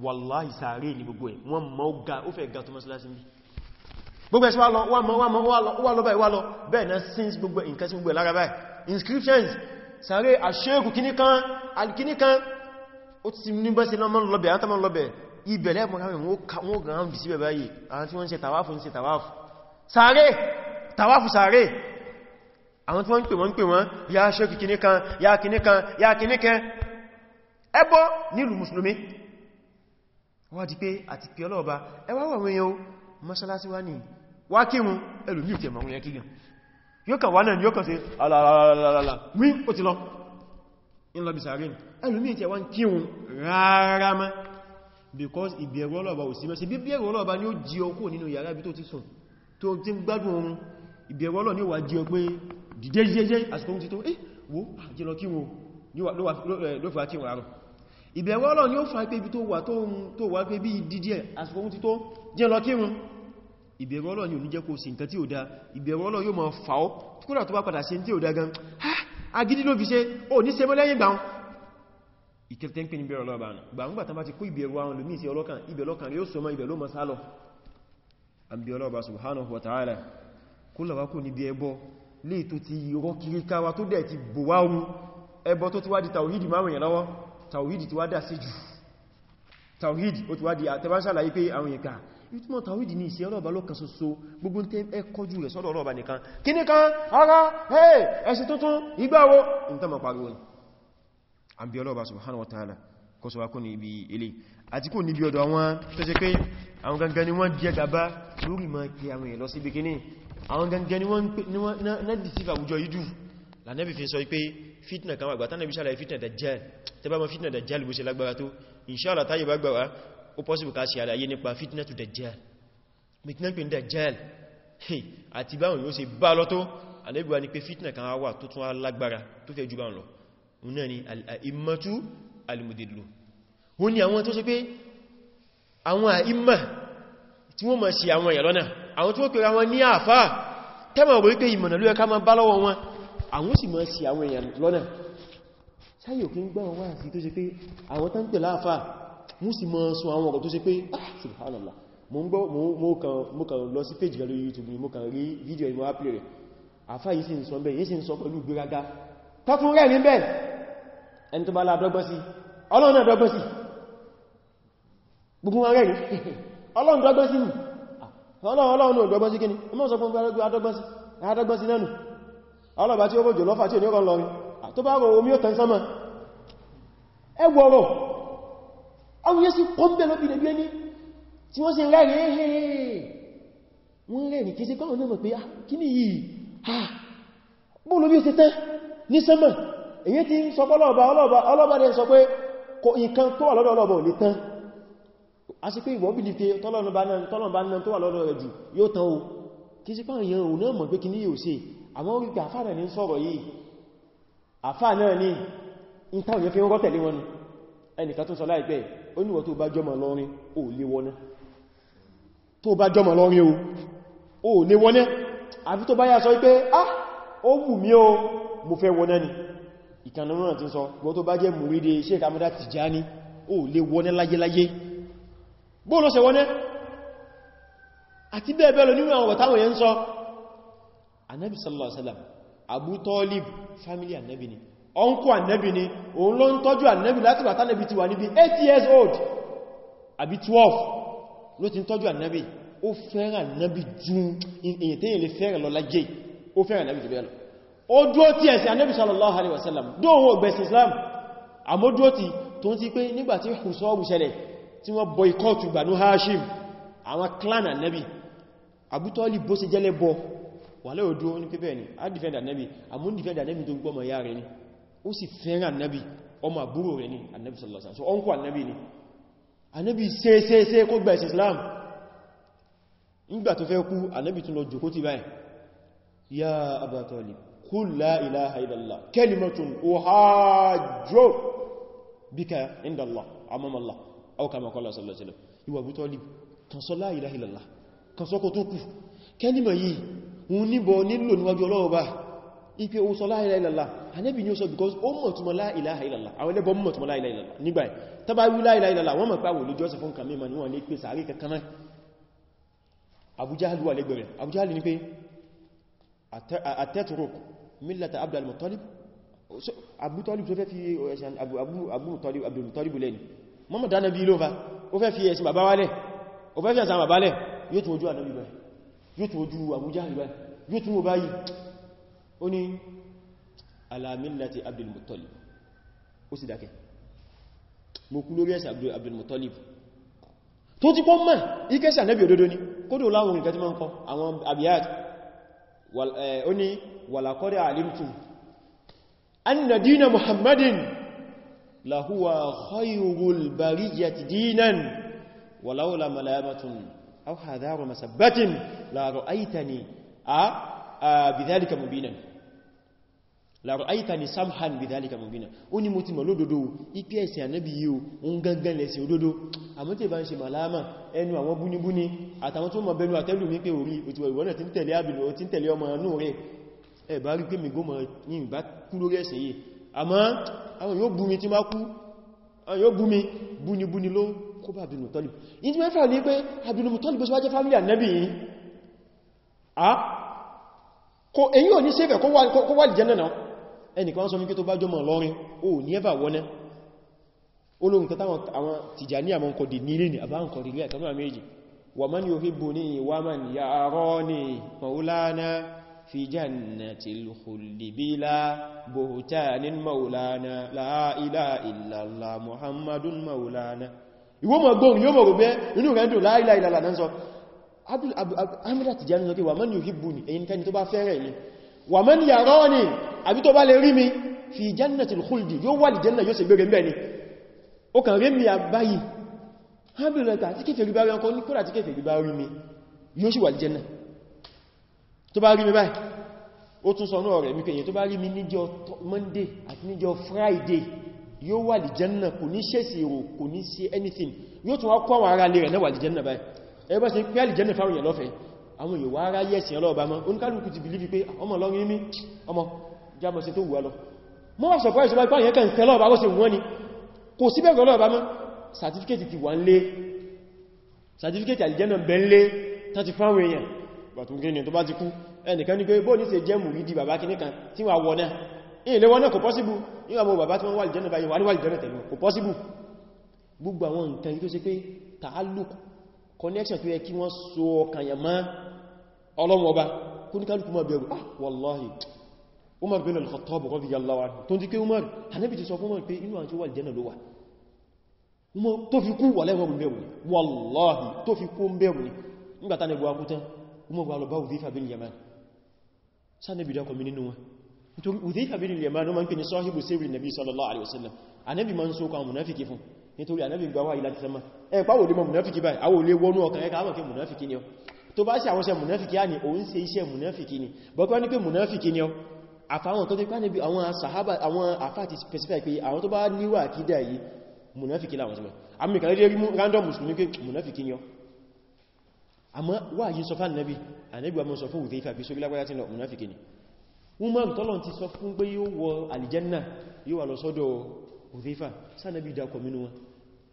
wallahi sàárè ní gbogbo ẹ̀ wọ́n mọ́ ga ó fẹ́ ga tó mọ́sílásí ní gbogbo ẹ̀ṣẹ́ wà lọ wà mọ́ wà mọ́ wà lọ báyìí wà lọ bẹ́ẹ̀ náà since gbogbo nǹkan sí gbogbo lára báyìí inscriptions sàárè àṣẹ́kù kíníkan alkíníkan ó ti ní bọ́ sí lọ́mọ́ lọ́bẹ̀ àwọn tàbí àwọn tí wọ́n ń pè wọ́n ń pè wọ́n ya ṣe kìkìní kan ya kìní kan ya kìní kan ẹbọ nílùú mùsùlùmí wá di pé àti pí ọlọ́ọ̀bá ẹwà wọ̀wọ̀ yẹn o mọ́ṣálásí wá ní wá kírun ẹlùmí ìtẹ̀ mọ̀ yẹn kígan yóò kàn wá náà yóò kàn sí alàlàlàlà wí ó ti lọ in lọ bisarin ẹlùmí ìtẹ̀ wá ń kírun rárá mọ́ because ìbẹ̀rù ọlọ́ọ̀bá ò sí mọ́ sí bí bẹ̀rù ọlọ́ọ̀bá ni ó jí ọkọ̀ nínú yàrá ibi tó ti sùn tó ti ń gbádùn oorun ìbẹ̀rù ọlọ́ọ̀ ni ó wà jí ọ pé dìde jẹjẹ àsìkò ti tó eh wo àjẹlọ kí wọn ló eh, fà kí wọn àrùn ìbẹ̀rù Ọlọ́run yóò fà pé ibi tó wà tó wà pé bí dídí àsìkò ti tó jẹlọ kí wọn ìbẹ̀rù Ọlọ́run yóò ní jẹ́ kó sí nǹkan tí ó dá ìbẹ̀rù Ọlọ́run yóò máa fà ọ́ kódà tó bá padà sí tí ó dá gan agídí ló fi ṣe ó ní sẹmọ́ lẹ́yìn gbàun ìkẹtẹ́ ń pè ní bẹ̀rù Ọlọ́run gbàun gbà tán bá ti kó ìbẹ̀rù àwọn lòmí lè tó ti rọ kiri káwa tó dẹ̀ ti bùwá ohun ẹbọ tó ti wá di tàwíìdì márùn yẹn lọ́wọ́ tàwíìdì ti wá dà sí jù tàwíìdì ó ti wá di àtẹ́báṣàlàyé pé àwọn ìkà ìtumọ̀ tàwíìdì ní ìṣẹ́ ọlọ́ọ̀bá lọ́kan ṣoṣo gbogbo tẹ́ ẹ kọjú rẹ̀ sọ́dọ̀ ọlọ́ọ̀bá nìkan kí ní kan ara ẹ̀ṣẹ̀ tuntun ìgbàwo nǹkan mọ̀ pariwo ni àbí ọlọ́ọ̀bá subhanahu wa ta'ala kó sọ wá kó ní ibi ilé àti kó níbi ọ̀dọ̀ àwọn tó ṣe pé àwọn gangan ni wọ́n jẹ gàba lórí mọ́ kí àwọn àwọn gangan ni wọ́n náà dìtífà àwùjọ ìdú lànẹ́bì fi sọ pé fitna kan wà tánàbí sàlàyé fitna Dajjal tẹbà mọ́ fitna Dajjal bó ṣe lágbára tó inshallah táyé bá gbàwá ó possible ká ṣe àlàyé nípa fitna tó Dajjal mìtínà pé Dajjal àti báwọn yóò ṣe bá lọ tó àlẹ́bì wà ní pé fitna kan wà tó tún lágbára tó fẹ́ jù bá lọ òun náà ni al-a'immatu al-mudillu òun ni àwọn tó ṣe pé àwọn àìmà tí wọ́n mọ̀ sí àwọn èèyàn lọ́nà àwọn tí ó pèrè àwọn ní àfá tẹ́mọ̀ wọ́n pé ìmọ̀nà ló yẹ ká máa bá lọ́wọ́ wọn àwọn sì máa sí àwọn èèyàn lọ́nà sáyé òkè ń gbọ́n wá sí tó ṣe pé àwọn tán pè láàfá mú sì máa sọ àwọn ọ̀rọ̀ tó ṣe pé ah, subhanallah mo ń gbọ́ mo kàn lọ sí page lórí youtube mo kàn ọlọ́run dọ́gbọ́ ni ọlọ́run ọlọ́run ògbọ́gbọ́n sí kíni ọmọ sọ fún bẹ́rẹ̀ adọ́gbọ́n sí nánú ọlọ́bà tí ó bọ́ jùlọ fàtí oníkan lọ tó bá rọ omi òtàn sánmà ẹgbọ̀rọ̀ ọrún yẹ́ sí kọ́m̀bẹ̀ lóbi lẹ́bí ẹni tí wọ́n sì ń rẹ̀ wọ́n rẹ̀ ah, ah, ní kéṣe a sì pé ìwọ bí lípe tọ́lọ̀nbá náà tó wà lọ́dọ̀ rẹ̀ jù yóò tán o kí sí pàà yẹn òun náà mọ̀ pé kí ní yóò ṣe àmọ́ wípé àfà náà ní sọ̀rọ̀ yìí àfà náà ní ìtàwọn yẹn fi ń rọ́tẹ̀lé wọn ẹnìkan tó sọ láìpẹ́ ah ó wù mí ni ìkànnà náà ti sọ gbọ́ tó bá jẹ́ mùrídé Sheikh Amada Tijani bóò se wọ́n náà àti bẹ́ẹ̀ bẹ́ẹ̀ lọ nínú àwọn wọ̀táwọn yẹn sọ annabi sallallahu alaihi wasallam abu talib family annabi ni uncle annabi ni òun ló ń tọ́jú annabi láti bàtà annabi ti wà níbi 8 years old àbí 12 ló ti ń tọ́jú annabi ó fẹ́ràn annabi ju èyàn tẹ́yìn lè fẹ́ràn lọ lájẹ́ jù sallallahu alaihi wasallam dóòwò gbẹ̀sìn islam àmódúró ti tó ń ti pé nígbàtí hùsọ́ọ̀bù tí wọ́n boycott Banu Hashim àwọn clan annabi abútọ́lì bó ṣe jẹ́lẹ̀ bọ́ wà lẹ́ òdó ní pípẹ́ ni a defend annabi àmú defend annabi tó gbọ́mọ̀ ya rẹ̀ ni ó sì fẹ́ràn annabi ọmọ àbúrò rẹ̀ ni annabi sallallahu alaihi wasallam so ọkọ̀ annabi ni annabi ṣe ṣe ṣe kó gba Islam nígbà tó fẹ́ kú annabi tún lọ jòkó ti báyìí ya Aba Talib bika inda Allah amama Allah aw kama qala sallallahu alaihi wasallam ìwà Abu Talib kan sọ la ilaha illallah kan sọ kó tó kú kẹ́límà ipe o sọ la ilaha illallah Ànábì ni ó sọ because ó mọ̀ túnmọ̀ la ilaha illallah àwọn ẹlẹ́bọ̀ mọ̀ túnmọ̀ la ilaha illallah nígbà ẹ̀ tàbá wí la ilaha illallah wọ́n mọ̀ pàwò lójú ọ̀sẹ̀ fún kàmí ma ní wọ́n lè pè sàárì kankan náà Abu Jahl wà lẹ́gbẹ̀rẹ̀ eh, Abu Abu Talib Abu Talib Abdul mọ́mọ̀ dá nàbí lóva ó fẹ́ fi ẹ̀sìn bàbá wálẹ̀ ó fẹ́ fi ẹ̀sìn bàbá lẹ̀ yóò tún ojú ànàbí báyìí yóò tún ojú àbújá báyìí yóò tún báyìí ó ní ala millati Abdul Muttalib ó sì dákẹ́ mo kú lórí ẹ̀sìn Abdul Muttalib tó ti pọ́ mọ̀ ikẹ́sì ànàbí òdodo ni kódò láwọn nǹkan tí لهو خير البرية دينا ولولا ملامة أو حذار مسبة لا رأيتني بذلك مبينا لا رأيتني سمحا بذلك مبينا ó ní mo ti mọ̀ lódodo ipe ẹ̀sìn Ànábì yìí ó ń gangan lẹ̀sìn òdodo àmọ́ tí bá ń ṣe màláàmà ẹnu àwọn búnibúni àtàwọn tó mọ̀ bẹnu àtẹ́lù ní pé orí òtí wọ̀ ìwọ̀nà tí ń tẹ̀lé àbìlò tí ń tẹ̀lé ọmọ anú rẹ̀ ẹ̀ bá rí pé mi gómọ̀ ní ìbá kú lórí ẹ̀sìn yìí àmọ́ àwọn yóò bú mi tí má kú àwọn yóò bú mi búnibúni ló kó bá Abdul Muttalib in ti mẹ́fà ní pé Abdul Muttalib sí wájẹ́ fámílì ànẹ́bì yìí a kò èyí ò ní sẹ́fẹ̀ kó wà lìjẹ́ náà ẹnìkan sọ mí kí tó bá jọmọ̀ lọ́rin ó ní ẹbà wọnẹ́ olóhun tata àwọn Tìjàní àmọ́ kò dì nílé ní àbá nǹkan rí في جنة الخلد بلا بهتان مولانا لا إله إلا الله محمد مولانا ìwọ́n mọ̀ gbọ́n yóò mọ̀ rò bẹ́ inú rẹ̀ dùn láìlá ìlàlà náà sọ abúlá ti jẹ́ ní ọdí wà mọ́ ni ò hìbù ní èyí kẹni tó bá fẹ́rẹ̀ ní wà mọ́ ni yàrá ní àbí tó bá lè rí mi fi jannatil khuldi yóò wà lè jẹ́nà yóò sì gbẹ̀rẹ̀ mẹ́ ni ó kàn rí mi àbáyìí tó bá rí mi báyìí ó tún sọ náà rẹ̀ mi pẹ̀yẹ tó bá rí mi níjọ́ monday àti níjọ́ friday yóò wà lì jẹ́nà kò ní ṣe ìrò kò ní ṣe anything yóò tún wá kọ́ àwọn ará lè rẹ̀ náà wà lì jẹ́nà báyìí ẹgbẹ́ sí pé àlìjẹ́nà fáwọn èèyàn lọ́fẹ̀ẹ́ àwọn èèyàn wá ara yẹ̀sìn ọlọ́ọ̀bá mọ́ oníkálùkù ti bìlífi pé ọmọ lọ́rin mi ọmọ jábọ̀ sí tó wù lọ mọ́ wà sọ̀pọ̀ ìṣọ́lá ipá yẹn kàn fẹ́ lọ́ọ̀bá ó sì wọ́n ni kò sí bẹ̀rẹ̀ ọlọ́ọ̀bá mọ́ sàtífíkẹ́tì ti wà ń lé sàtífíkẹ́tì àlìjẹ́nà bẹ́ ń lé tàti fáwọn èèyàn gbàtúngẹ́ni tó bá ti kú ẹnìkan ní pé bó ní ṣe jẹ́ mùrídì bàbá kìníkan tí wà wọ́n náà ilé wọn náà kò pọ́síbù níwà mọ̀ bàbá tí wọ́n wà ìjẹ́nà báyìí wà níwà ìjẹ́nà tẹ̀lú kò pọ́síbù gbogbo àwọn nǹkan yìí tó ṣe pé tààlùk connection tó yẹ kí wọ́n so ọkànyàn mọ́ ọlọ́run ọba kó ní kálùkù máa bẹ̀rù ah wallahi Umar bin al-Khattab radiyallahu anhu tó ń di pé Umar Ànábì ti sọ fún Umar pé inú àwọn tí ó wà ìjẹ́nà ló wà tó fi kú wà lẹ́wọ̀n bẹ̀rù ni wallahi tó fi kú ń bẹ̀rù ni nígbàtá ni gbogbo akútán umar wà lọ bá Hudhayfa bin Yaman sáàdẹ̀bì dákọ̀ mi nínú wọn nítorí Hudhayfa bin Yaman ma ń pè ní sahibu sirri nabi sallallahu alaihi wasallam anẹ́bì ma ń so kan munafiki fún nítorí anẹ́bì gbawa ilá ti sama ẹ pàwò lè mọ munafiki báyìí àwò lè wọnú ọkàn ẹ káàmọ̀ kí munafiki ni ọ tó bá ṣe àwọn ṣe munafiki á ní òun ṣe iṣẹ́ munafiki ni bọ́kọ́ tó ti pá níbi àwọn sahaba àwọn àfà ti pé àwọn tó bá níwà àkídà yìí munafiki láwọn ṣe mọ̀ àmì rí random musulmi pé munafiki ni ọ àmọ́ wà yí sọ fán nẹ́bí ànẹ́bí àmọ́ sọ fún òdé ìfà bí sórí lágbàyà tí lọ mùnáfikì ni wọ́n mọ́ tọ́lọ̀ ti sọ fún pé yóò wọ alìjẹ́nà yóò wà lọ sọ́dọ̀ òdé ìfà sánẹ́bí dákọ̀ mínú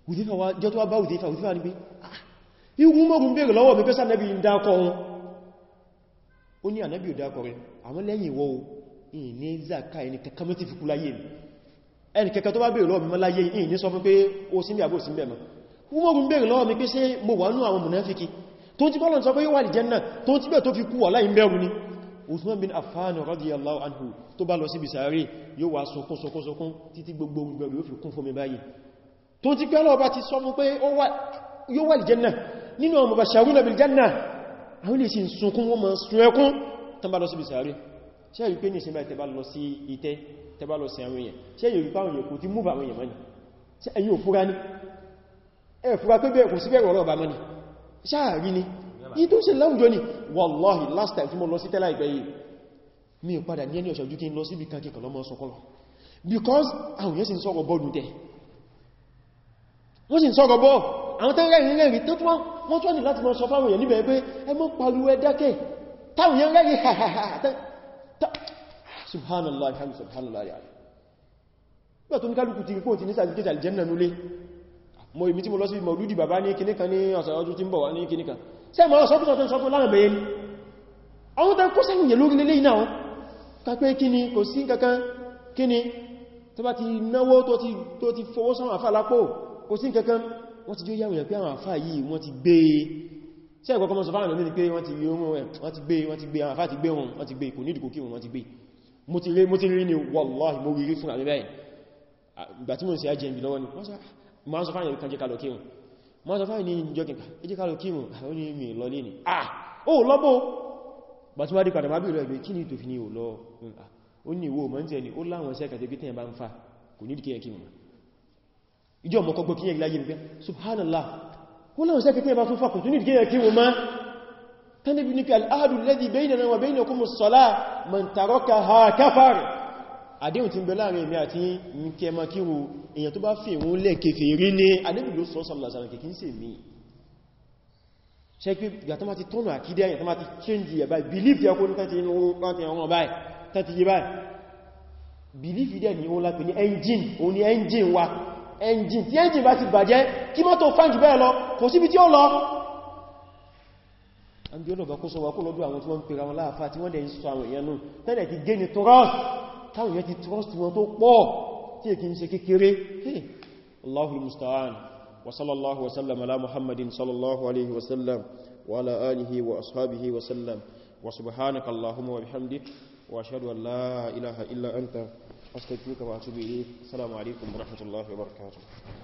wọn jẹ́ tó wá bá òdé ìfà òdé ìfà ní pé ah, igun mọ́gun bèèrè lọ́wọ́ mi pé sánẹ́bí ń dákọ̀ wọn ó ní ànẹ́bí ò dákọ̀ rẹ̀ àwọn lẹ́yìn ìwọ ìní mọ́ ti fi lọ́wọ́ mi pé ó mo wà nú àwọn mùnáfikì tó ti kọ́lọ̀ sọ pé yíwà aljanna tó ti bẹ̀ tó fi kú wà láì bẹ̀rù ni Uthman bin Affan radiyallahu anhu tó bá lọ síbi sàárè yóò wá sọkún sọkún sọkún títí gbogbo gbẹ̀rù yóò fi ti pẹ́ lọ́ọ̀bá ti sọ mú pé yóò wà aljanna nínú ọmọ bá sàárù nàbìl janna àwọn ilé sí sunkún wọn ma sun ẹkún tán bá lọ síbi sàárè ṣe yìí pé ní ìsinmi tẹbá lọ sí ìtẹ́ tẹbá lọ sí àwọn èèyàn ṣe yìí ṣáàrí ni yí tó ṣe láwùjọ ni wallahi last time tí mo lọ sí tẹ́lá ìgbẹ̀yì mi ò padà ní ẹni ọ̀ṣọ̀jú kí n lọ sí ibi kan kíkọ̀ lọ́mọ sọkọlọ because àwọn yẹ́ sì ń sọ̀rọ̀ bọ́ lùdẹ̀ wọ́n sì ń sọ̀rọ̀ bọ́ àwọn tẹ́rẹ ìrìnrìn tó tún wọ́n tún ní láti mọ́ sọ fáwọn èèyàn níbẹ̀ pé ẹ mọ́ pariwo ẹ dákẹ́ táwọn yẹn rẹ̀rí ha ha ha subhanallah alhamdulillah mo ìmí tí mo lọ sí mọ̀lúdì bàbá ní kìníkan ní ọ̀sẹ̀ ọdún tí ń bọ̀ wá ní kìníkan ṣe mọ̀ sọ́kùsọ̀ tó ń sọ́kùn láàrín bẹ̀yẹ ni àwọn tán kó sẹ́yìn yẹ lórí lélé ìnáwó kápẹ́ kíni kò sí kankan kíni tó bá ti náwó tó ti fowó sán àfà lápò kò sí ti jó yàwó yẹn pé àwọn àfà yìí wọ́n ti gbé ṣe ìkọ̀kọ́ mọ́ sọ fáwọn lónìí pé wọ́n ti gbé wọ́n ti gbé àwọn àfà ti gbé wọn wọ́n ti gbé kò ní ìdìkò kí wọ́n ni ma sọ fáyẹ̀ nǹkan jẹ́kà lọ́kíhùn ma sọ fáyẹ̀ ní ìjọkìnkà ẹjẹ́kà lọ́kíhùn àwọn ìmì lọ ní ní ah o lọ́bọ̀ bá tún wá dípadà má bí ìrọ̀ ìgbé kí ní ìtòfin ní òlọ́ o ní ìwò mọ́ tí ẹni ó láwọn iṣẹ́ kàtẹ́ bí tẹ́yẹ̀ bá ń fa kò ní ìdíkẹ́ kí mọ̀ ìjọ mọ́ kọgbọ́ kíyẹ̀ láyé wípé subhanallah ó láwọn iṣẹ́ kàtẹ́ bá tún fa kò tún ìdíkẹ́ kí mọ̀ tẹ́lẹ̀ bí ní kí al-ahadu alladhi baynana wa baynakum as-salah man tarakaha kafara àdéhùn tí ń bẹ láàrin èmi àti ní kí ẹmọ kíru èyàn tó bá fi ìwọ̀n lẹ́ kèfèrí ní adébìlú sọ́sọ̀lọ̀sọ̀rọ̀ kìkí ń se mí ṣe pé yàtọ́ máa ti tọ́nà àkídẹ́ yàtọ́ máa ti ni ó lápẹ engine ó engine wa engine tí engine bá ti bàjẹ́ kí mọ́ tó fáǹjù bẹ́ẹ̀ lọ kò síbi tí ó lọ àbí ọlọ́bà kó sọ wà kó lọ́dún àwọn tí wọ́n ń pèrà wọn láàfà tí wọ́n dẹ̀ ń sọ àwọn èèyàn nù tẹ́lẹ̀ ti gé ni tó táwọn yẹn ti trust wọn tó pọ̀ tí è kí ń ṣe kékeré allahul musta'an wa sallallahu wa sallam ala muhammadin sallallahu alaihi wa sallam wa ala alihi wa ashabihi wa sallam wa subhanaka allahumma wa bihamdik wa ashhadu la ilaha illa anta astaghfiruka wa atubu ilayk assalamu alaikum rahmatullahi wa barakatuh